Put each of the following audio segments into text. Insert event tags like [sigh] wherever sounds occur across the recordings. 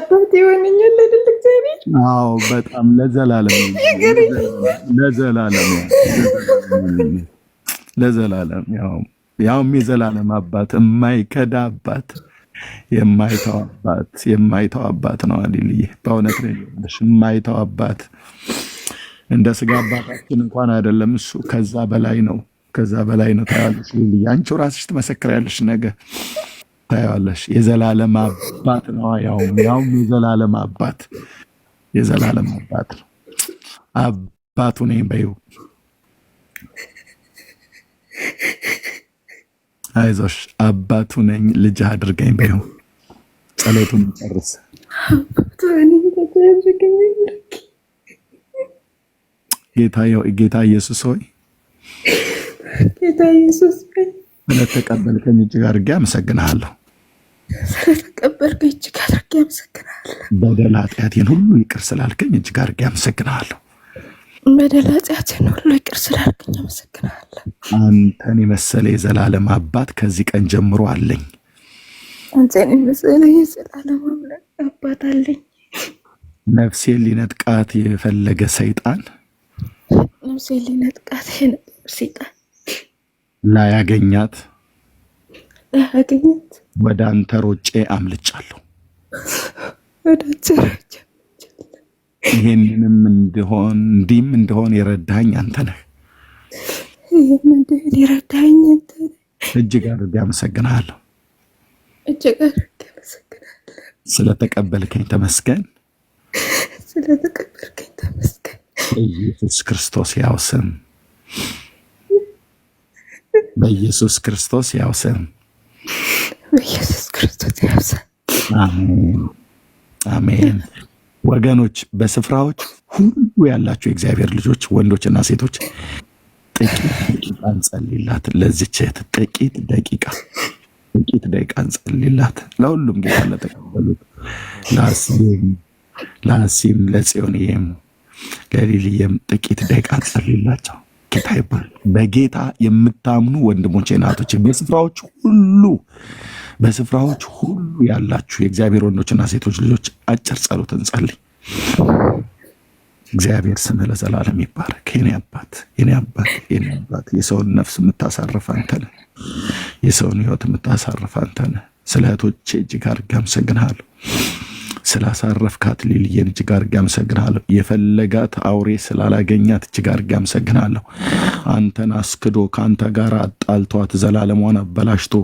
አባት ይሆንኛል አይደል? እግዚአብሔር። አዎ በጣም ለዘላለም ለዘላለም ለዘላለም ያው ያውም የዘላለም አባት የማይከዳ አባት የማይተው አባት የማይተው አባት ነው። አሊልዬ በእውነት የማይተው አባት እንደ ስጋ አባታችን እንኳን አይደለም እሱ ከዛ በላይ ነው። ከዛ በላይ ነው። ታያለሽ ልልዬ፣ አንቺው ራስሽ ትመሰክሪያለሽ ነገ ታየዋለሽ። የዘላለም አባት ነው። ያውም ያውም የዘላለም አባት የዘላለም አባት ነው። አባቱ ነኝ በይው። አይዞሽ አባቱ ነኝ ልጅ አድርገኝ በይው። ጸሎቱን ጨርስ። ጌታ ኢየሱስ ሆይ ስለተቀበልከኝ እጅግ አድርጌ አመሰግንሃለሁ። ስለተቀበልከ እጅግ አድርጌ አመሰግናለሁ። በደል ኃጢአቴን ሁሉ ይቅር ስላልከኝ እጅግ አድርጌ አመሰግናለሁ። በደል ኃጢአቴን ሁሉ ይቅር ስላልከኝ አመሰግናለሁ። አንተን የመሰለ የዘላለም አባት ከዚህ ቀን ጀምሮ አለኝ። አንተን የመሰለ የዘላለም አባት አለኝ። ነፍሴን ሊነጥቃት የፈለገ ሰይጣን ነፍሴን ሊነጥቃት ሰይጣን ላያገኛት ላያገኛት ወደ አንተ ሮጬ አምልጫለሁ። ይህንንም እንድሆን እንዲህም እንደሆን የረዳኝ አንተ ነህ። ይረዳኝ አንተ እጅግ አድርጌ አመሰግናለሁ። ስለተቀበልከኝ ተመስገን። ስለተቀበልከኝ ተመስገን። ኢየሱስ ክርስቶስ ያው ስም በኢየሱስ ክርስቶስ ያው ስም ኢየሱስ ክርስቶስ ያብዛ። አሜን። ወገኖች በስፍራዎች ሁሉ ያላችሁ የእግዚአብሔር ልጆች ወንዶችና ሴቶች ጥቂት ደቂቃ እንጸልይላት። ለዚች ጥቂት ደቂቃ ጥቂት ደቂቃ እንጸልይላት። ለሁሉም ጌታ ለተቀበሉት ለአሲም ለአሲም ለጽዮንዬም ለሊልየም ጥቂት ደቂቃ እንጸልይላቸው። ጌታ ይባል። በጌታ የምታምኑ ወንድሞች እናቶች፣ በስፍራዎች ሁሉ በስፍራዎች ሁሉ ያላችሁ የእግዚአብሔር ወንዶችና ሴቶች ልጆች አጭር ጸሎት እንጸልይ። እግዚአብሔር ስምህ ለዘላለም ይባረክ። የኔ አባት የኔ አባት የኔ አባት፣ የሰውን ነፍስ የምታሳርፍ አንተነ የሰውን ህይወት የምታሳርፍ አንተነ ስለ እህቶቼ እጅግ አድርጌ አመሰግንሃለሁ። ስላሳረፍካት ሊልየን እጅግ አድርጌ አመሰግናለሁ። የፈለጋት አውሬ ስላላገኛት እጅግ አድርጌ አመሰግናለሁ። አንተን አስክዶ ከአንተ ጋር አጣልቷት ዘላለሟን አበላሽቶ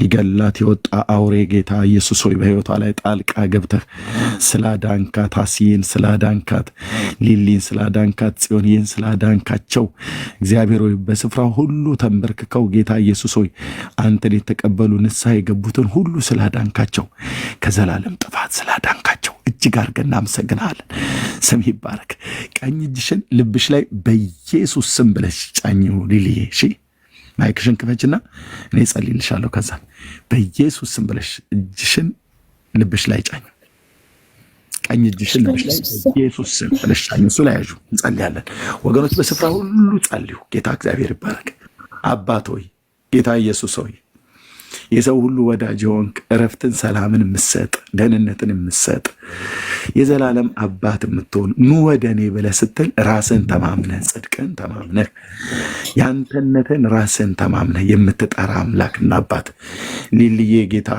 ሊገላት የወጣ አውሬ ጌታ ኢየሱስ ሆይ በሕይወቷ ላይ ጣልቃ ገብተህ ስላዳንካት፣ አስዬን ስላዳንካት፣ ሊሊን ስላዳንካት፣ ጽዮንዬን ስላዳንካቸው እግዚአብሔር ሆይ በስፍራ ሁሉ ተንበርክከው ጌታ ኢየሱስ ሆይ አንተን የተቀበሉ ንስሐ የገቡትን ሁሉ ስላዳንካቸው ከዘላለም ጥፋት ስላ ስላዳንካቸው እጅግ አድርገን እናመሰግናለን። ስም ይባረክ። ቀኝ እጅሽን ልብሽ ላይ በኢየሱስ ስም ብለሽ ጫኚው ሊልዬ። እሺ ማይክሽን ክፈችና እኔ ጸልልሻለሁ። ከዛ በኢየሱስ ስም ብለሽ እጅሽን ልብሽ ላይ ጫኝ። ቀኝ እጅሽን ልብሽ በኢየሱስ ስም ብለሽ ጫኝ። እሱ ላይ ያዡ። እንጸልያለን ወገኖች፣ በስፍራ ሁሉ ጸልዩ። ጌታ እግዚአብሔር ይባረክ። አባት ሆይ ጌታ ኢየሱስ ሆይ የሰው ሁሉ ወዳጅ ሆንክ፣ እረፍትን፣ ሰላምን የምትሰጥ ደህንነትን የምትሰጥ የዘላለም አባት የምትሆን ኑ ወደ እኔ ብለህ ስትል ራስን ተማምነህ ጽድቅን ተማምነህ የአንተነትን ራስን ተማምነህ የምትጠራ አምላክና አባት ሊልዬ ጌታ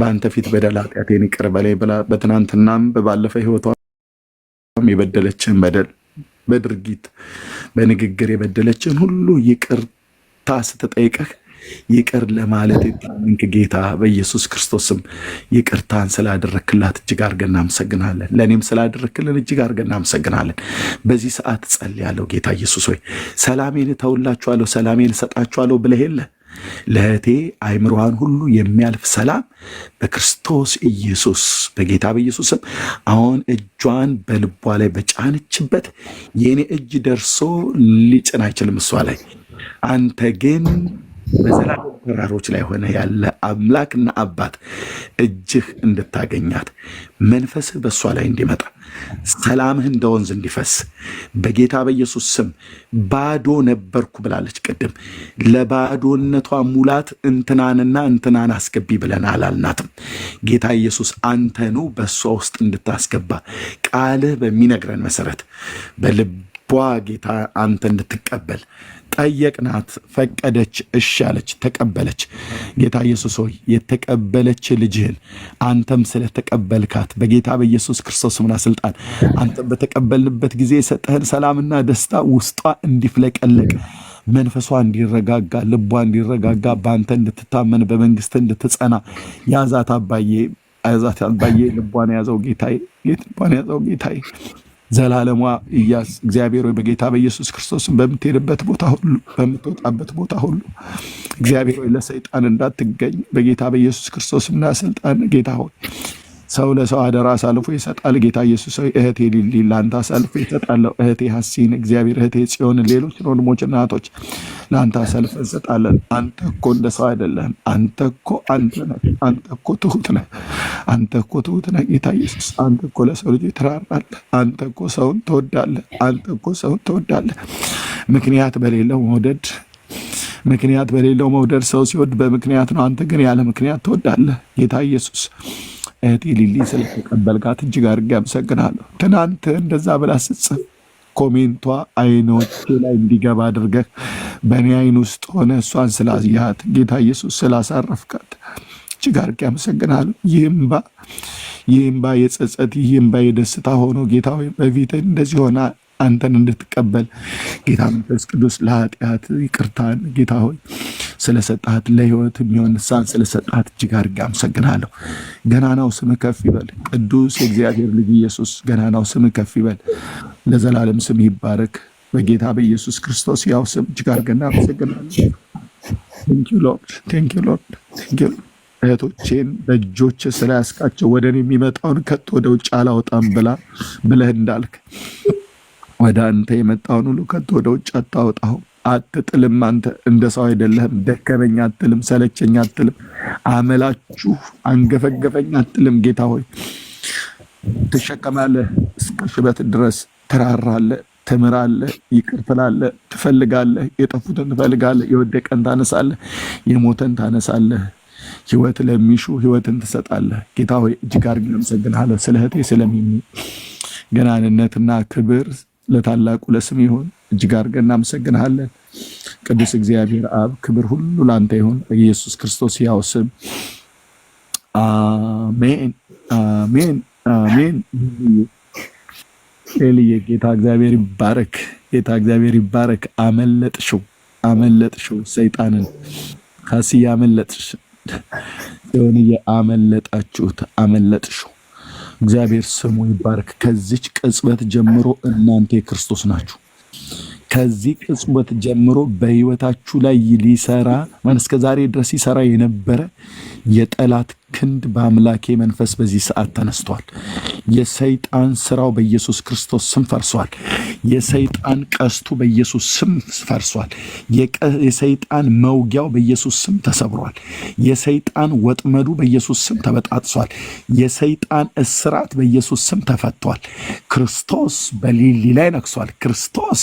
በአንተ ፊት በደል ኃጢአቴን ይቅር በላይ ብላ በትናንትናም በባለፈ ህይወቷም የበደለችን በደል በድርጊት በንግግር የበደለችን ሁሉ ይቅርታ ስትጠይቀህ ይቅር ለማለት የታመንክ ጌታ በኢየሱስ ክርስቶስም ይቅርታን ስላደረክላት እጅግ አድርገን እናመሰግናለን። ለእኔም ስላደረክልን እጅግ አድርገን እናመሰግናለን። በዚህ ሰዓት ጸልያለሁ። ጌታ ኢየሱስ ሆይ ሰላሜን እተውላችኋለሁ፣ ሰላሜን እሰጣችኋለሁ ብለህ የለ ለእህቴ አይምሮዋን ሁሉ የሚያልፍ ሰላም በክርስቶስ ኢየሱስ በጌታ በኢየሱስም አሁን እጇን በልቧ ላይ በጫነችበት የኔ እጅ ደርሶ ሊጭን አይችልም እሷ ላይ አንተ ግን በዘላለም ተራሮች ላይ ሆነ ያለ አምላክና አባት እጅህ እንድታገኛት መንፈስህ በእሷ ላይ እንዲመጣ ሰላምህ እንደ ወንዝ እንዲፈስ በጌታ በኢየሱስ ስም ባዶ ነበርኩ ብላለች። ቅድም ለባዶነቷ ሙላት እንትናንና እንትናን አስገቢ ብለን አላልናትም። ጌታ ኢየሱስ አንተኑ በእሷ ውስጥ እንድታስገባ ቃልህ በሚነግረን መሰረት በልቧ ጌታ አንተ እንድትቀበል ጠየቅናት፣ ፈቀደች፣ እሺ አለች፣ ተቀበለች። ጌታ ኢየሱስ ሆይ የተቀበለች ልጅህን አንተም ስለተቀበልካት በጌታ በኢየሱስ ክርስቶስ ምና ስልጣን አንተም በተቀበልንበት ጊዜ የሰጠህን ሰላምና ደስታ ውስጧ እንዲፍለቀለቅ መንፈሷ እንዲረጋጋ ልቧ እንዲረጋጋ በአንተ እንድትታመን በመንግስት እንድትጸና ያዛት አባዬ ያዛት አባዬ ልቧን ያዘው ጌታዬ ልቧን ያዘው ጌታዬ ዘላለሟ እግዚአብሔር ወይ በጌታ በኢየሱስ ክርስቶስን በምትሄድበት ቦታ ሁሉ በምትወጣበት ቦታ ሁሉ እግዚአብሔር ወይ ለሰይጣን እንዳትገኝ በጌታ በኢየሱስ ክርስቶስና ስልጣን ጌታ ሆይ ሰው ለሰው አደራ አሳልፎ ይሰጣል። ጌታ ኢየሱስ ሆይ እህቴ ሊሊ ለአንተ አሳልፎ ይሰጣለሁ። እህቴ ሀሲን እግዚአብሔር እህቴ ጽዮን፣ ሌሎች ወንድሞችና እህቶች ለአንተ አሳልፈ እንሰጣለን። አንተ እኮ እንደ ሰው አይደለህም። አንተ እኮ አንተ ነህ። አንተ እኮ ትሁት ነህ። አንተ እኮ ትሁት ነህ። ጌታ ኢየሱስ አንተ እኮ ለሰው ልጅ ትራራለህ። አንተ እኮ ሰውን ትወዳለህ። አንተ እኮ ሰውን ትወዳለህ። ምክንያት በሌለው መውደድ ምክንያት በሌለው መውደድ ሰው ሲወድ በምክንያት ነው። አንተ ግን ያለ ምክንያት ትወዳለህ። ጌታ ኢየሱስ እህቴ ሊሊ ስለተቀበልካት እጅግ አድርጌ አመሰግናለሁ። ትናንት እንደዛ ብላ ስጽፍ ኮሜንቷ አይኖቼ ላይ እንዲገባ አድርገህ በእኔ አይን ውስጥ ሆነ እሷን ስላያት ጌታ ኢየሱስ ስላሳረፍካት እጅግ አድርጌ አመሰግናለሁ። ይህምባ ይህምባ የጸጸት ይህምባ የደስታ ሆኖ ጌታ በፊት እንደዚህ ሆና አንተን እንድትቀበል ጌታ መንፈስ ቅዱስ ለኃጢአት ይቅርታን ጌታ ሆይ ስለሰጣት ለህይወት የሚሆን ንስሐን ስለሰጣት እጅግ አድርጌ አመሰግናለሁ። ገናናው ስም ከፍ ይበል፣ ቅዱስ የእግዚአብሔር ልጅ ኢየሱስ ገናናው ስም ከፍ ይበል፣ ለዘላለም ስም ይባረክ። በጌታ በኢየሱስ ክርስቶስ ያው ስም እጅግ አድርገን አመሰግናለሁ። እህቶቼን በእጆች ስላያስቃቸው ወደ እኔ የሚመጣውን ከቶ ወደ ውጭ አላወጣም ብላ ብለህ እንዳልክ ወደ አንተ የመጣውን ሁሉ ከቶ ወደ ውጭ አታወጣው። አትጥልም። አንተ እንደ ሰው አይደለህም። ደከመኝ አትልም፣ ሰለቸኝ አትልም፣ አመላችሁ አንገፈገፈኝ አትልም። ጌታ ሆይ ትሸከማለህ፣ እስከ ሽበት ድረስ ትራራለህ፣ ትምራለህ፣ ይቅር ትላለህ፣ ትፈልጋለህ፣ የጠፉትን ትፈልጋለህ፣ የወደቀን ታነሳለህ፣ የሞተን ታነሳለህ ህይወት ለሚሹ ህይወትን ትሰጣለህ። ጌታ ሆይ እጅግ አድርጌ አመሰግንሃለሁ ስለ እህቴ ስለሚሚ ገናንነትና ክብር ለታላቁ ለስም ይሁን። እጅግ አድርገን እናመሰግንሃለን። ቅዱስ እግዚአብሔር አብ ክብር ሁሉ ላንተ ይሁን። ኢየሱስ ክርስቶስ ያው ስም አሜን፣ አሜን፣ አሜን። ኤልዬ ጌታ እግዚአብሔር ይባረክ፣ ጌታ እግዚአብሔር ይባረክ። አመለጥሽው፣ አመለጥሽው ሰይጣንን ካስዬ አመለጥሽ፣ የሆነ አመለጣችሁት፣ አመለጥሽው እግዚአብሔር ስሙ ይባርክ። ከዚች ቅጽበት ጀምሮ እናንተ የክርስቶስ ናችሁ። ከዚህ ቅጽበት ጀምሮ በህይወታችሁ ላይ ሊሰራ እስከ ዛሬ ድረስ ይሰራ የነበረ የጠላት ክንድ በአምላኬ መንፈስ በዚህ ሰዓት ተነስቷል። የሰይጣን ስራው በኢየሱስ ክርስቶስ ስም ፈርሷል። የሰይጣን ቀስቱ በኢየሱስ ስም ፈርሷል። የሰይጣን መውጊያው በኢየሱስ ስም ተሰብሯል። የሰይጣን ወጥመዱ በኢየሱስ ስም ተበጣጥሷል። የሰይጣን እስራት በኢየሱስ ስም ተፈቷል። ክርስቶስ በሊሊ ላይ ነግሷል። ክርስቶስ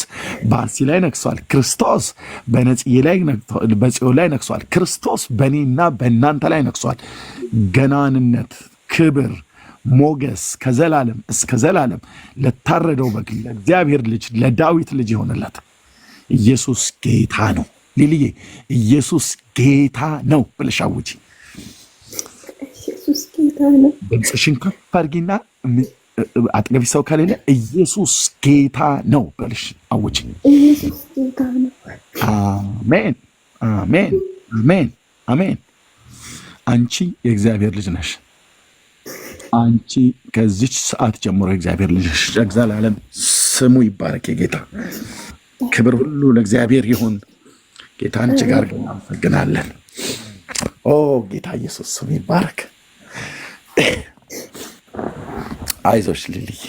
በአርሲ ላይ ነግሷል። ክርስቶስ በነጽዬ ላይ በጽዮን ላይ ነግሷል። ክርስቶስ በእኔና በእናንተ ላይ ነግሷል። ገናንነት፣ ክብር፣ ሞገስ ከዘላለም እስከ ዘላለም ለታረደው በግ ለእግዚአብሔር ልጅ ለዳዊት ልጅ የሆነላት ኢየሱስ ጌታ ነው። ሊልዬ ኢየሱስ ጌታ ነው ብለሽ አውጪ። ድምፅሽን ከፍ አድርጊና አጠገቢ ሰው ከሌለ ኢየሱስ ጌታ ነው በልሽ አውጪ። አሜን፣ አሜን፣ አሜን፣ አሜን። አንቺ የእግዚአብሔር ልጅ ነሽ። አንቺ ከዚች ሰዓት ጀምሮ የእግዚአብሔር ልጅ ነሽ። ለዓለም ስሙ ይባረክ። የጌታ ክብር ሁሉ ለእግዚአብሔር ይሁን። ጌታ አንቺ ጋር እናመሰግናለን። ኦ ጌታ ኢየሱስ ስሙ ይባረክ። አይዞሽ ልልይ፣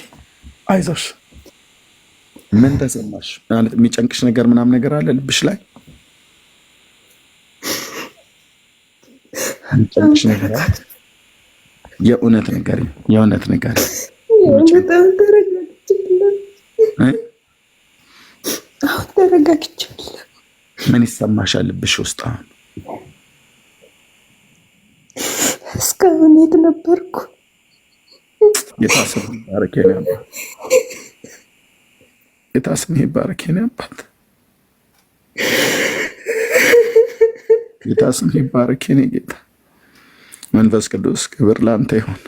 አይዞሽ ምን ተሰማሽ? የሚጨንቅሽ ነገር ምናምን ነገር አለ ልብሽ ላይ የእውነት ነገር የእውነት ነገር አሁን ነገር ምን ይሰማሻል? ልብሽ ውስጥ አሁን እስካሁን የት ነበርኩ? የታስም ባረኬን አባት የታስም ባረኬን ያባት የታስም ባረኬን ጌታ መንፈስ ቅዱስ ክብር ላንተ ይሁን።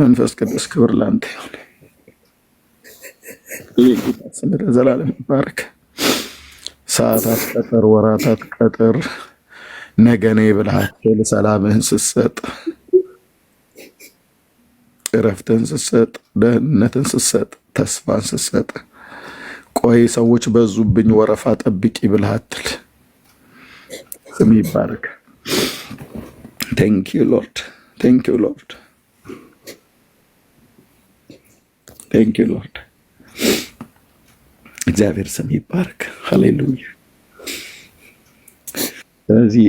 መንፈስ ቅዱስ ክብር ላንተ ይሁን። ስለ ዘላለም ይባረክ። ሰዓታት ቀጠር፣ ወራታት ቀጠር፣ ነገኔ ብልሃቸው ሰላምህን ስትሰጥ፣ እረፍትን ስትሰጥ፣ ደህንነትን ስትሰጥ፣ ተስፋን ስትሰጥ፣ ቆይ ሰዎች በዙብኝ ወረፋ ጠብቂ ብልሃትል ስም ይባረክ። ቴንክ ዩ ሎርድ ቴንክ ዩ ሎርድ ቴንክ ዩ ሎርድ። እግዚአብሔር ስም ይባረክ። ሃሌሉያ። ስለዚህ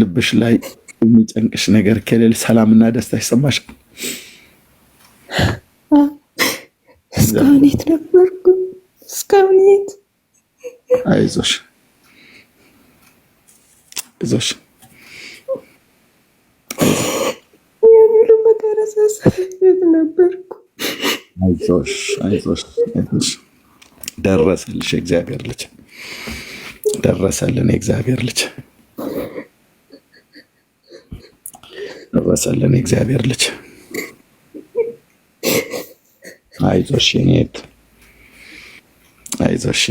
ልብሽ ላይ የሚጨንቅሽ ነገር ከሌለ ሰላምና ደስታ ይሰማሽ። እስካሁን የት ነበርኩ? እስካሁን የት? አይዞሽ አይዞሽ አይዞሽ አይዞሽ አይዞሽ። ደረሰልሽ ልጅ ደረሰልን፣ ልጅ ደረሰልን፣ ልጅ አይዞሽ አይዞሽ አይዞሽ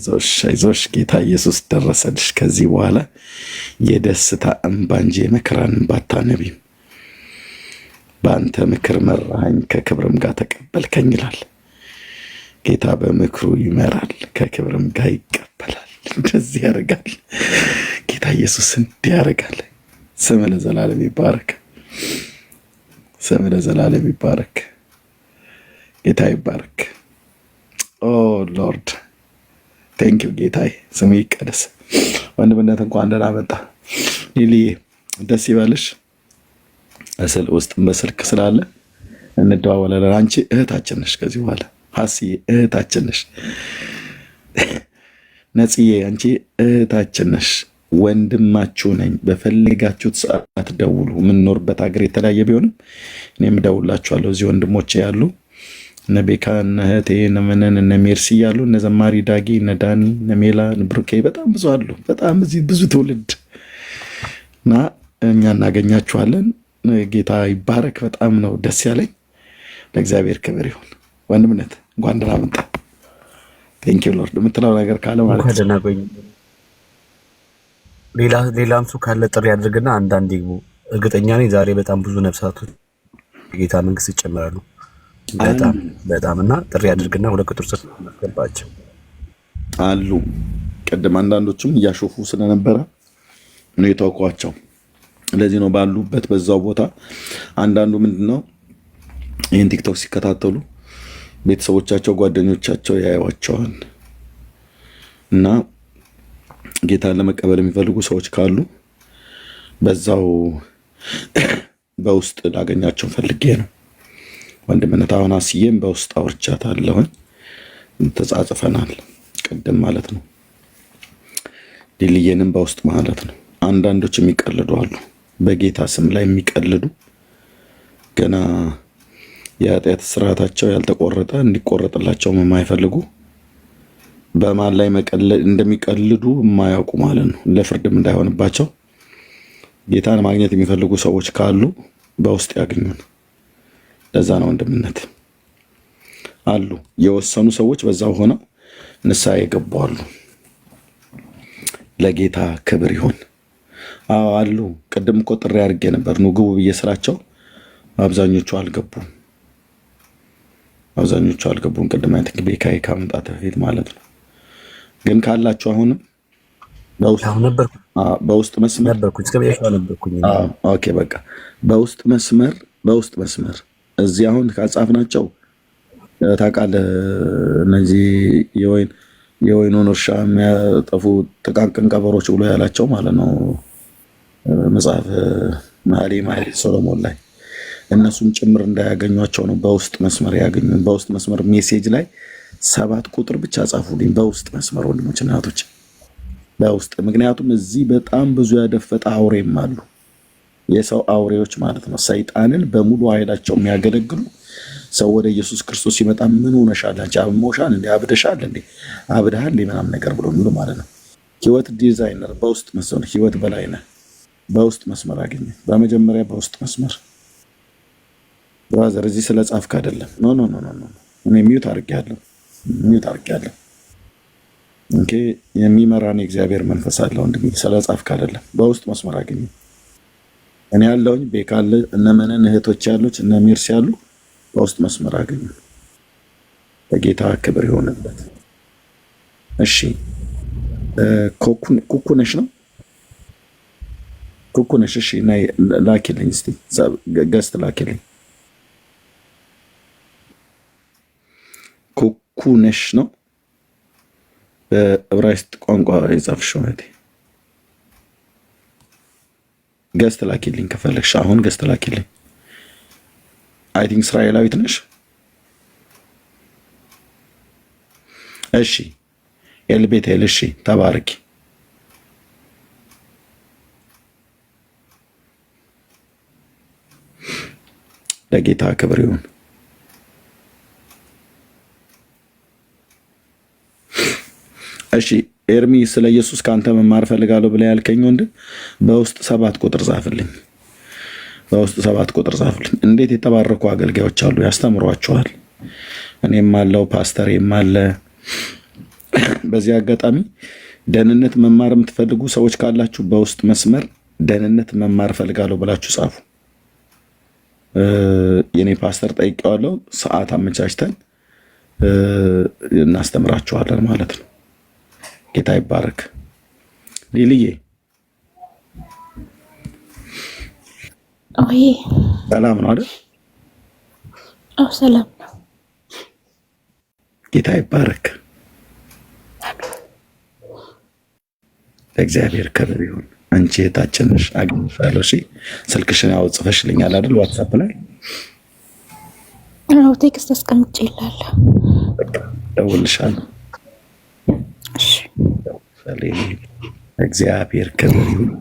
አይዞሽ አይዞሽ። ጌታ ኢየሱስ ደረሰልሽ። ከዚህ በኋላ የደስታ እንባ እንጂ የመከራን እንባ አታነቢም። በአንተ ምክር መራኝ ከክብርም ጋር ተቀበልከኝ ይላል ጌታ። በምክሩ ይመራል፣ ከክብርም ጋር ይቀበላል። እንደዚህ ያደርጋል ጌታ ኢየሱስ፣ እንዲህ ያደርጋል። ስም ለዘላለም ይባረክ፣ ስም ለዘላለም ይባረክ። ጌታ ይባረክ። ኦ ሎርድ ቴንክ ዩ ጌታዬ፣ ይቀደስ። ወንድምነት እንኳን ደህና መጣ። ሊሊ ደስ ይበልሽ። ምስል ውስጥ በስልክ ስላለ እንደዋወላለን። አንቺ እህታችን ነሽ፣ ከዚህ በኋላ ሀስዬ እህታችን ነሽ፣ ነጽዬ አንቺ እህታችን ነሽ፣ ወንድማችሁ ነኝ። በፈለጋችሁት ሰዓት ደውሉ። የምንኖርበት ሀገር የተለያየ ቢሆንም እኔም ደውላችኋለሁ። እዚህ ወንድሞች ያሉ እነ ቤካ እነ እህቴ እነ ምንን እነ ሜርሲ ያሉ እነ ዘማሪ ዳጊ እነ ዳኒ እነ ሜላ እነ ብሩኬ በጣም ብዙ አሉ። በጣም እዚህ ብዙ ትውልድ እና እኛ እናገኛችኋለን። ጌታ ይባረክ። በጣም ነው ደስ ያለኝ። ለእግዚአብሔር ክብር ይሁን። ወንድምነት እንኳን ደህና መጣ። ቴንክ ሎርድ የምትለው ነገር ካለ ማለት ሌላም ሰው ካለ ጥሪ አድርግና አንዳንድ ይግቡ። እርግጠኛ ነኝ ዛሬ በጣም ብዙ ነፍሳቶች የጌታ መንግስት ይጨምራሉ። በጣም በጣም እና ጥሪ አድርግና ሁለት ቁጥር ስር ገባቸው አሉ። ቅድም አንዳንዶቹም እያሾፉ ስለነበረ ነው የተውኳቸው። ለዚህ ነው ባሉበት በዛው ቦታ አንዳንዱ ምንድን ነው ይህን ቲክቶክ ሲከታተሉ ቤተሰቦቻቸው፣ ጓደኞቻቸው ያዩዋቸዋል እና ጌታን ለመቀበል የሚፈልጉ ሰዎች ካሉ በዛው [coughs] በውስጥ ላገኛቸው ፈልጌ ነው። ወንድምነት አሁን አስዬም በውስጥ አውርቻታለሁኝ፣ ተጻጽፈናል ቅድም ማለት ነው። ድልዬንም በውስጥ ማለት ነው። አንዳንዶች የሚቀልዱ አሉ። በጌታ ስም ላይ የሚቀልዱ ገና የኃጢአት ስርዓታቸው ያልተቆረጠ እንዲቆረጥላቸው የማይፈልጉ በማን ላይ መቀለድ እንደሚቀልዱ የማያውቁ ማለት ነው። ለፍርድም እንዳይሆንባቸው ጌታን ማግኘት የሚፈልጉ ሰዎች ካሉ በውስጥ ያገኙን። ለዛ ነው ወንድምነት አሉ። የወሰኑ ሰዎች በዛው ሆነው ንስሐ የገቡ አሉ። ለጌታ ክብር ይሁን። አሉ። ቅድም እኮ ጥሪ አድርጌ ነበር ኑ ግቡ ብዬ ስላቸው አብዛኞቹ አልገቡም። አብዛኞቹ አልገቡም። ቅድም አይነት ካይ ከመምጣት በፊት ማለት ነው። ግን ካላችሁ አሁንም በውስጥ መስመር በቃ በውስጥ መስመር በውስጥ መስመር እዚህ አሁን ካጻፍናቸው ታውቃለህ እነዚህ የወይን የወይኑን እርሻ የሚያጠፉ ጥቃቅን ቀበሮች ብሎ ያላቸው ማለት ነው። መጽሐፍ መኃልየ መኃልይ ሶሎሞን ላይ እነሱም ጭምር እንዳያገኟቸው ነው። በውስጥ መስመር ያገኙ። በውስጥ መስመር ሜሴጅ ላይ ሰባት ቁጥር ብቻ ጻፉልኝ። በውስጥ መስመር ወንድሞች እናቶች፣ በውስጥ ምክንያቱም እዚህ በጣም ብዙ ያደፈጠ አውሬም አሉ። የሰው አውሬዎች ማለት ነው። ሰይጣንን በሙሉ ኃይላቸው የሚያገለግሉ ሰው ወደ ኢየሱስ ክርስቶስ ሲመጣ ምን ሆነሻል? አንቺ አብሞሻል እንዴ? አብደሻል እንዴ? አብደሃል ምናምን ነገር ብሎ የሚሉ ማለት ነው። ህይወት ዲዛይነር በውስጥ መስመር ህይወት በላይ በላይነህ በውስጥ መስመር አገኘ። በመጀመሪያ በውስጥ መስመር ብራዘር፣ እዚህ ስለ ጻፍክ አይደለም። ኖ ኖ ኖ ኖ፣ እኔ ሚዩት አድርጌያለሁ፣ ሚዩት አድርጌያለሁ። እንኬ የሚመራን የእግዚአብሔር መንፈስ አለ ወንድሜ። ስለ ጻፍክ አይደለም፣ በውስጥ መስመር አገኘ። እኔ ያለውኝ ቤካለ እነ መነን እህቶች ያሉት እነ ሚርስ ያሉ በውስጥ መስመር አገኘ። በጌታ ክብር የሆነበት እሺ። ኩኩነሽ ነው ኩኩ ነሽ። እሺ ነይ ላኪልኝ፣ እስቲ ገስት ላኪልኝ። ኩኩ ነሽ ነው በዕብራይስጥ ቋንቋ የጻፍሽው ማለት ገስት ላኪልኝ ከፈለግሽ አሁን ገስት ላኪልኝ። አይ ቲንክ እስራኤላዊት ነሽ። እሺ ኤልቤት ኤል እሺ፣ ተባረኪ ለጌታ ክብር ይሁን። እሺ ኤርሚ፣ ስለ ኢየሱስ ከአንተ መማር ፈልጋለሁ ብለህ ያልከኝ ወንድ በውስጥ ሰባት ቁጥር ጻፍልኝ፣ በውስጥ ሰባት ቁጥር ጻፍልኝ። እንዴት የተባረኩ አገልጋዮች አሉ፣ ያስተምሯቸዋል። እኔም አለው ፓስተር አለ። በዚህ አጋጣሚ ደህንነት መማር የምትፈልጉ ሰዎች ካላችሁ በውስጥ መስመር ደህንነት መማር ፈልጋለሁ ብላችሁ ጻፉ። የእኔ ፓስተር ጠይቀዋለው፣ ሰዓት አመቻችተን እናስተምራችኋለን ማለት ነው። ጌታ ይባረክ። ሊልዬ ሰላም ነው አይደል? አዎ ሰላም ነው። ጌታ ይባረክ። ለእግዚአብሔር ክብር ይሁን። አንቺ የታችንሽ አግኝሻለሁ። እሺ ስልክሽን ያው ጽፈሽልኛል አይደል? ዋትሳፕ ላይ አዎ፣ ቴክስት አስቀምጬ ይላል። ደውልሻለሁ። እሺ እግዚአብሔር ክብር ይሁን።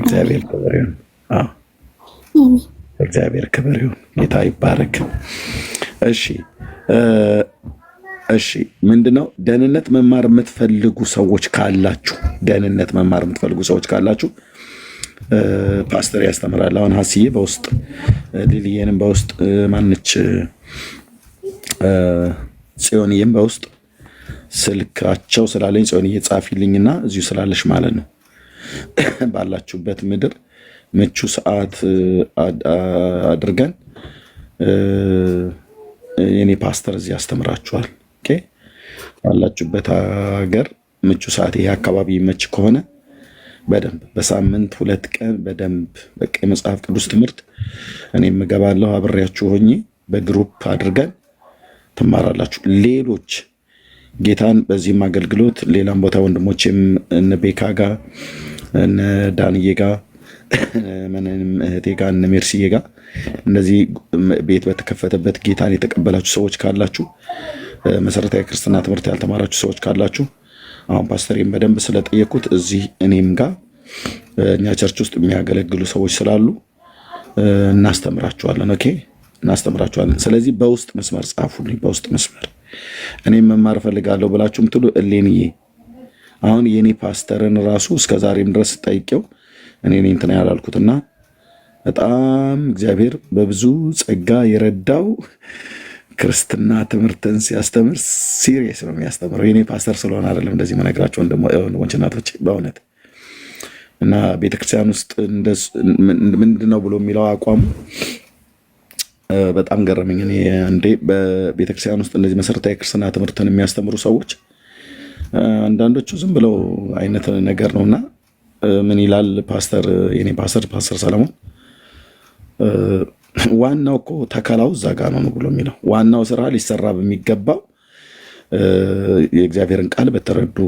እግዚአብሔር ክብር ይሁን። እግዚአብሔር ክብር ይሁን። ጌታ ይባረክ። እሺ እሺ ምንድነው ደህንነት መማር የምትፈልጉ ሰዎች ካላችሁ ደህንነት መማር የምትፈልጉ ሰዎች ካላችሁ ፓስተር ያስተምራል። አሁን ሀስዬ በውስጥ ሊልዬንም በውስጥ ማንች ጽዮንዬም በውስጥ ስልካቸው ስላለኝ ጽዮንዬ ጻፊልኝና እዚሁ ስላለሽ ማለት ነው ባላችሁበት ምድር ምቹ ሰዓት አድርገን የኔ ፓስተር እዚህ ያስተምራችኋል። ኦኬ ባላችሁበት ሀገር ምቹ ሰዓት ይሄ አካባቢ ይመች ከሆነ በደንብ በሳምንት ሁለት ቀን በደንብ በቃ የመጽሐፍ ቅዱስ ትምህርት እኔም እገባለሁ አብሬያችሁ ሆኜ በግሩፕ አድርገን ትማራላችሁ። ሌሎች ጌታን በዚህም አገልግሎት ሌላም ቦታ ወንድሞቼም እነ ቤካ እነ ዳንዬ ጋ ምንም እህቴ ጋ እነ ሜርሲዬ ጋ እነዚህ ቤት በተከፈተበት ጌታን የተቀበላችሁ ሰዎች ካላችሁ መሰረታዊ ክርስትና ትምህርት ያልተማራችሁ ሰዎች ካላችሁ አሁን ፓስተሬም በደንብ ስለጠየቁት እዚህ እኔም ጋር እኛ ቸርች ውስጥ የሚያገለግሉ ሰዎች ስላሉ እናስተምራችኋለን። ኦኬ እናስተምራችኋለን። ስለዚህ በውስጥ መስመር ጻፉልኝ። በውስጥ መስመር እኔም መማር ፈልጋለሁ ብላችሁ ምትሉ እሌንዬ አሁን የኔ ፓስተርን ራሱ እስከ ዛሬም ድረስ ጠይቄው እኔ እንትን ያላልኩትና በጣም እግዚአብሔር በብዙ ጸጋ የረዳው ክርስትና ትምህርትን ሲያስተምር ሲሪየስ ነው የሚያስተምረው። የኔ ፓስተር ስለሆነ አይደለም እንደዚህ መነግራቸው ወንድሞች እናቶች፣ በእውነት እና ቤተክርስቲያን ውስጥ ምንድን ነው ብሎ የሚለው አቋሙ በጣም ገረመኝ። እኔ አንዴ በቤተክርስቲያን ውስጥ እንደዚህ መሰረታዊ ክርስትና ትምህርትን የሚያስተምሩ ሰዎች አንዳንዶቹ ዝም ብለው አይነት ነገር ነው እና ምን ይላል ፓስተር የኔ ፓስተር ፓስተር ሰለሞን ዋናው እኮ ተከላው እዛ ጋ ነው ብሎ የሚለው ዋናው ስራ ሊሰራ በሚገባው የእግዚአብሔርን ቃል በተረዱ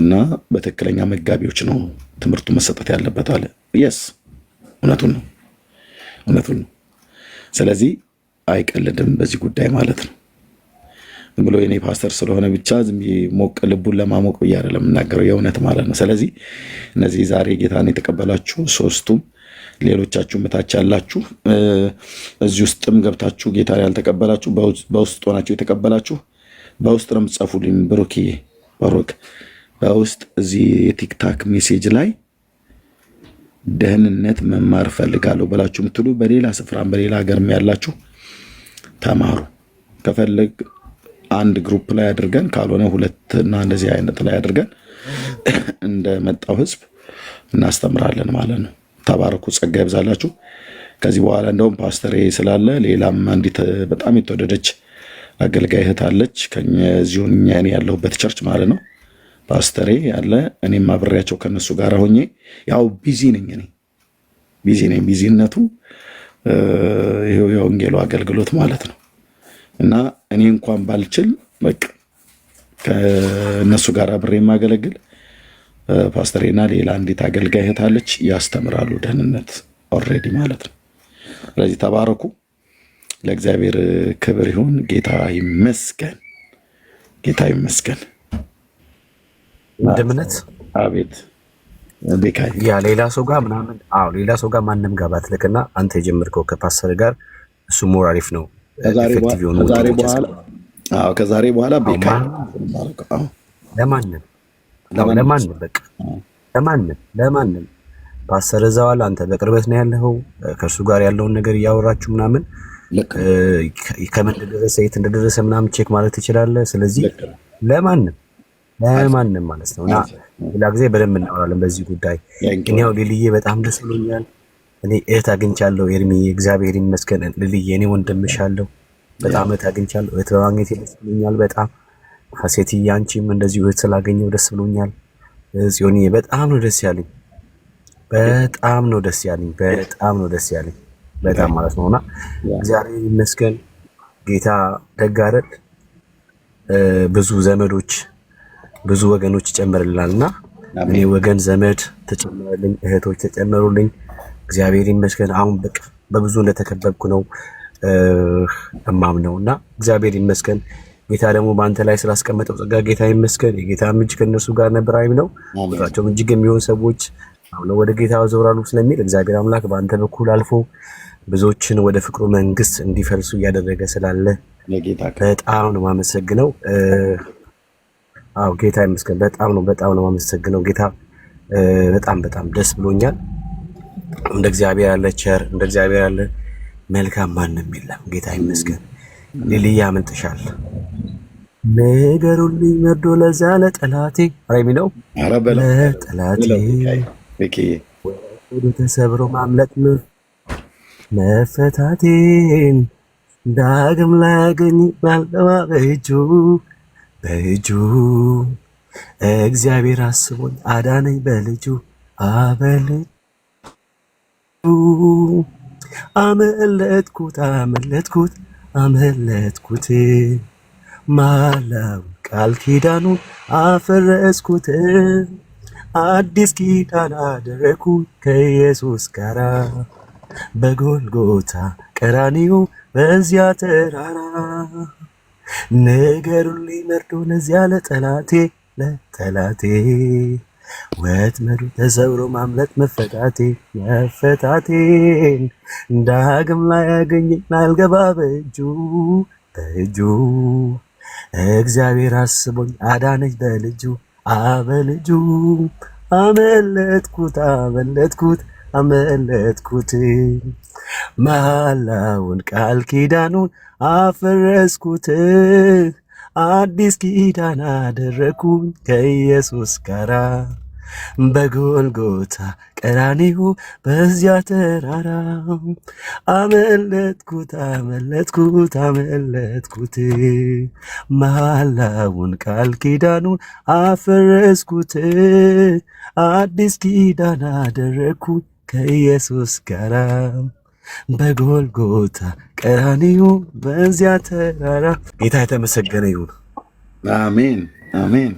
እና በትክክለኛ መጋቢዎች ነው ትምህርቱ መሰጠት ያለበት አለ። የስ እውነቱን ነው፣ እውነቱን ነው። ስለዚህ አይቀልድም በዚህ ጉዳይ ማለት ነው። ዝም ብሎ የኔ ፓስተር ስለሆነ ብቻ ዝም ሞቅ ልቡን ለማሞቅ ብዬ አይደለም የምናገረው የእውነት ማለት ነው። ስለዚህ እነዚህ ዛሬ ጌታን የተቀበላችሁ ሶስቱም ሌሎቻችሁ ምታች ያላችሁ እዚህ ውስጥም ገብታችሁ ጌታ ያልተቀበላችሁ በውስጥ ሆናችሁ የተቀበላችሁ በውስጥ ነው የምትጽፉልኝ። ብሩክ ባሮክ በውስጥ እዚህ የቲክታክ ሜሴጅ ላይ ደህንነት መማር ፈልጋለሁ ብላችሁ የምትሉ በሌላ ስፍራም በሌላ ሀገርም ያላችሁ ተማሩ። ከፈለግ አንድ ግሩፕ ላይ አድርገን ካልሆነ ሁለትና እንደዚህ አይነት ላይ አድርገን [clears throat] እንደመጣው ህዝብ እናስተምራለን ማለት ነው። ተባረኩ፣ ጸጋ ይብዛላችሁ። ከዚህ በኋላ እንደውም ፓስተሬ ስላለ ሌላም አንዲት በጣም የተወደደች አገልጋይ እህት አለች ከዚሁን እኔ ያለሁበት ቸርች ማለት ነው። ፓስተሬ ያለ እኔም አብሬያቸው ከነሱ ጋር ሆኜ ያው ቢዚ ነኝ እኔ ቢዚ ነኝ። ቢዚነቱ ይሄው የወንጌሉ አገልግሎት ማለት ነው እና እኔ እንኳን ባልችል በቃ ከእነሱ ጋር አብሬ የማገለግል ፓስተሬና ሌላ እንዴት አገልጋይ እህታለች ያስተምራሉ ደህንነት ኦልሬዲ ማለት ነው። ስለዚህ ተባረኩ። ለእግዚአብሔር ክብር ይሁን። ጌታ ይመስገን፣ ጌታ ይመስገን። ወንድምነት አቤት ያ ሌላ ሰው ጋር ምናምን አዎ፣ ሌላ ሰው ጋር ማንም ጋር ባትልክና አንተ የጀመርከው ከፓስተር ጋር እሱ ሞር አሪፍ ነው። ከዛሬ በኋላ ቤካ ለማንም ለማንም በቃ ለማንም ለማንም ፓስተር አንተ በቅርበት ነው ያለው፣ ከእሱ ጋር ያለውን ነገር እያወራችሁ ምናምን ከምን እንደደረሰ የት እንደደረሰ ምናምን ቼክ ማለት ትችላለህ። ስለዚህ ለማንም ለማንም ማለት ነው እና ሌላ ጊዜ በደንብ እናወራለን በዚህ ጉዳይ። እኔ ያው በጣም ደስ ብሎኛል። እኔ እህት አግኝቻለሁ። ኤርሚ እግዚአብሔር ይመስገን። ልልዬ እኔ ወንድምሻለሁ። በጣም እህት አግኝቻለሁ። እህት በማግኘት ይመስለኛል በጣም ሀሴትዬ አንቺም እንደዚሁ እህት ስላገኘው ደስ ብሎኛል። ጽዮኔ በጣም ነው ደስ ያለኝ፣ በጣም ነው ደስ ያለኝ፣ በጣም ነው ደስ ያለኝ፣ በጣም ማለት ነውና እግዚአብሔር ይመስገን። ጌታ ደጋረድ ብዙ ዘመዶች ብዙ ወገኖች ይጨምርልናልና እኔ ወገን ዘመድ ተጨመረልኝ፣ እህቶች ተጨመሩልኝ። እግዚአብሔር ይመስገን። አሁን በቃ በብዙ እንደተከበብኩ ነው እማም ነውና እግዚአብሔር ይመስገን። ጌታ ደግሞ በአንተ ላይ ስላስቀመጠው ጸጋ ጌታ ይመስገን። የጌታ እጅ ከእነርሱ ጋር ነበር አይም ነው ቁጥራቸውም እጅግ የሚሆን ሰዎች አሁን ወደ ጌታ ያዞራሉ ስለሚል እግዚአብሔር አምላክ በአንተ በኩል አልፎ ብዙዎችን ወደ ፍቅሩ መንግስት እንዲፈልሱ እያደረገ ስላለ በጣም ነው ማመሰግነው። አዎ ጌታ ይመስገን። በጣም ነው በጣም ነው ማመሰግነው ጌታ። በጣም በጣም ደስ ብሎኛል። እንደ እግዚአብሔር ያለ ቸር፣ እንደ እግዚአብሔር ያለ መልካም ማንም የለም። ጌታ ይመስገን። ሊልያ ምንጥሻል ነገሩልኝ መርዶ ለዛ ለጠላቴ ነው ለጠላቴ ወደ ተሰብሮ ማምለጥ መፈታቴን ዳግም ላያገኝ ባልጠባ በእጁ በእጁ እግዚአብሔር አስቦኝ አዳነኝ በልጁ አበልጁ አመለጥኩት አመለጥኩት አመለጥኩት ማላው ቃል ኪዳኑ አፈረስኩት አዲስ ኪዳን አደረኩ ከኢየሱስ ጋራ በጎልጎታ ቀራኒዮ በዚያ ተራራ ነገሩን ሊመርዶ ለዚያ ለጠላቴ ለጠላቴ ወጥመዱ ተሰብሮ ማምለጥ መፈታቴ መፈታቴን ዳግም ላይ ያገኘኝ አልገባ በእጁ በእጁ እግዚአብሔር አስቦኝ አዳነች በልጁ አበልጁ አመለጥኩት አመለጥኩት አመለጥኩት መሐላውን ቃል ኪዳኑን አፈረስኩት አዲስ ኪዳን አደረግኩኝ ከኢየሱስ ጋራ በጎልጎታ ቀራኒሁ በዚያ ተራራ አመለጥኩት አመለጥኩት አመለጥኩት መሐላውን ቃል ኪዳኑን አፈረስኩት አዲስ ኪዳን አደረግኩ ከኢየሱስ ጋራ በጎልጎታ ቀራኒሁ በዚያ ተራራ ጌታ የተመሰገነ ይሁን። አሜን አሜን።